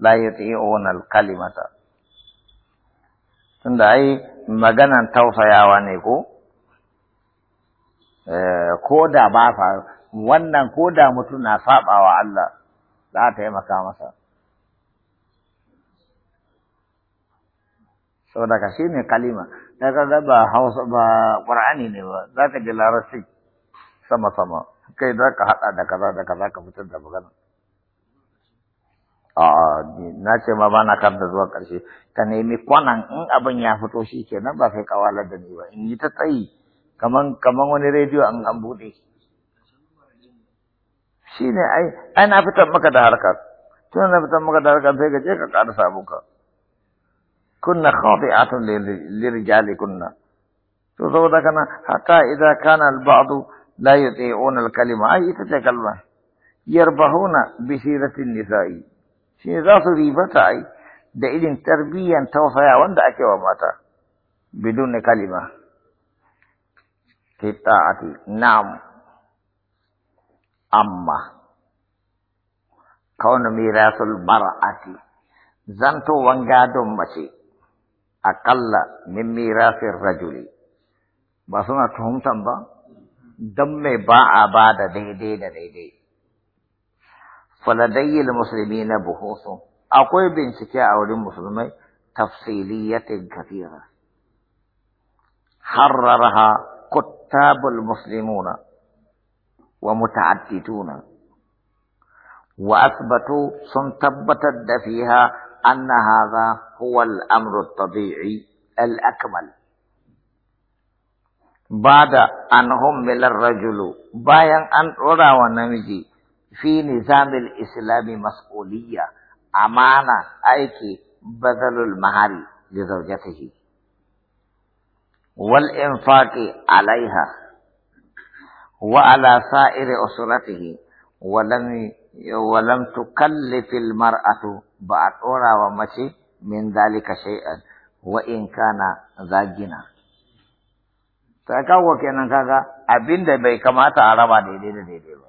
la yuti'una al-kalimata tunda ai maganan tausayawa ne ko ko da ba fa wannan ko da mutum na sabawa Allah za ta taimaka masa saboda ka shi ne kalima daga ga ba hausa ba qur'ani ne ba za ka ji larasi sama sama kai za ka haɗa da kaza da kaza ka fitar da magana a ah, ah, na ce ma bana kar da zuwa ƙarshe ka nemi kwanan in abin ya fito shi kenan ba sai kawalar da ni ba in yi ta tsayi kaman kaman wani rediyo an an bude shi ne ai ai na fitar maka da harkar tun na fitar maka da harkar sai ka je ka ƙara samu ka kunna khati'atun lirjali kunna to saboda kana hatta idza kana al-ba'du la yuti'una al-kalima ai ita ce kalma yarbahuna bi siratin nisa'i shi ne za su ribata ai da irin tarbiyyan tausaya wanda ake wa mata bidun kalima fi ta'ati na'am amma kauna mirasul mar'ati zantowan gadon mace aƙalla min mirafin rajuli ba suna tuhumtan ba don mai ba a ba da daidai da daidai فلدي المسلمين بحوث أقوي بنشكاء أولي المسلمين تفصيلية كثيرة حررها كتاب المسلمون ومتعددون وأثبتوا سنتبت فيها أن هذا هو الأمر الطبيعي الأكمل بعد أن هم من الرجل باين أن أرى ونمجي fi nizamil islami mas'uliyya amana aiki bazalul mahari li zawjatihi wal infaqi alaiha wa ala sa'iri usratihi wa lam wa lam tukallif al mar'atu ba wa mace min dalika shay'an wa in kana zagina ta kawo kenan kaga abinda bai kamata a raba daidai da daidai ba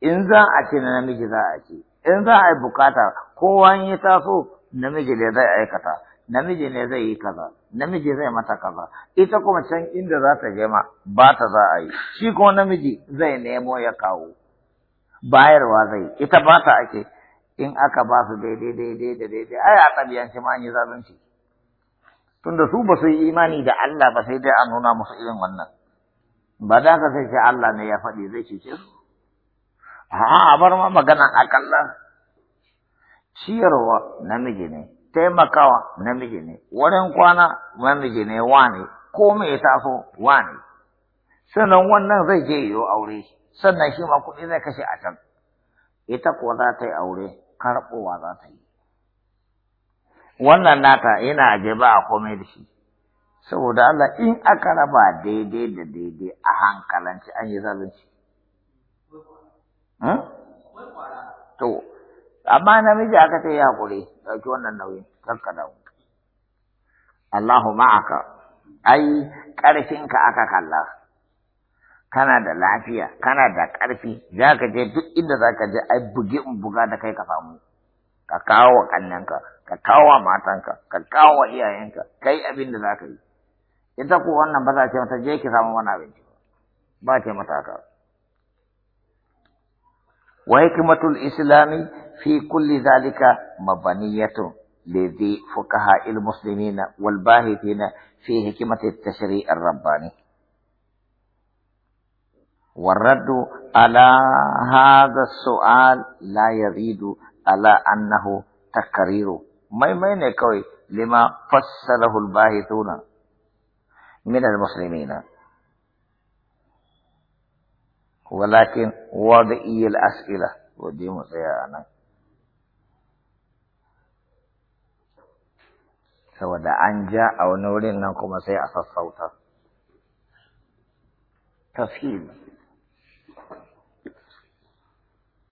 in za a ce na namiji za a ce in za a yi bukata kowa ya taso namiji ne zai aikata namiji ne zai yi kaza namiji zai mata kaza ita kuma can inda za ta je ma ba ta za a yi shi ko namiji zai nemo ya kawo bayarwa zai ita ba ta ake in aka ba su daidai daidai da daidai ai a tabiyance ma an zalunci tunda su ba su yi imani da Allah ba sai dai a nuna musu irin wannan ba da ka sai Allah ne ya faɗi zai cece su a bar ma magana akalla ciyarwa namiji ne taimakawa namiji ne wurin kwana namiji ne wane ko mai taso wane sannan wannan zai je yiwu aure sannan shi ma kuɗi zai kashe a can ita kuwa za ta yi aure karɓowa za ta yi wannan nata yana aje ba a komai da shi saboda Allah in aka raba daidai da daidai a hankalanci an yi zalunci To, amma namiji aka ce ya haƙuri, ɗauki wannan nauyin, kanka dawo. Allahu ma'aka, ai, ka aka kalla, kana da lafiya, kana da ƙarfi, za ka je duk inda za ka je, ai, bugi in buga da kai ka samu. Ka kawo wa ƙannenka, ka kawo wa matanka, ka kawo wa iyayenka, kai abin da za ka yi. Ita kuwa wannan ba za ce mata je ki samu wani abinci ba, ba ce mata haka. وحكمة الإسلام في كل ذلك مبنية لذي فقهاء المسلمين والباحثين في حكمة التشريع الرباني والرد على هذا السؤال لا يزيد على أنه تقرير ما يمين كوي لما فسره الباحثون من المسلمين walakin wada iyal asila waje mu tsaya a nan, saboda an ja a wani wurin nan kuma sai a sassauta tafhim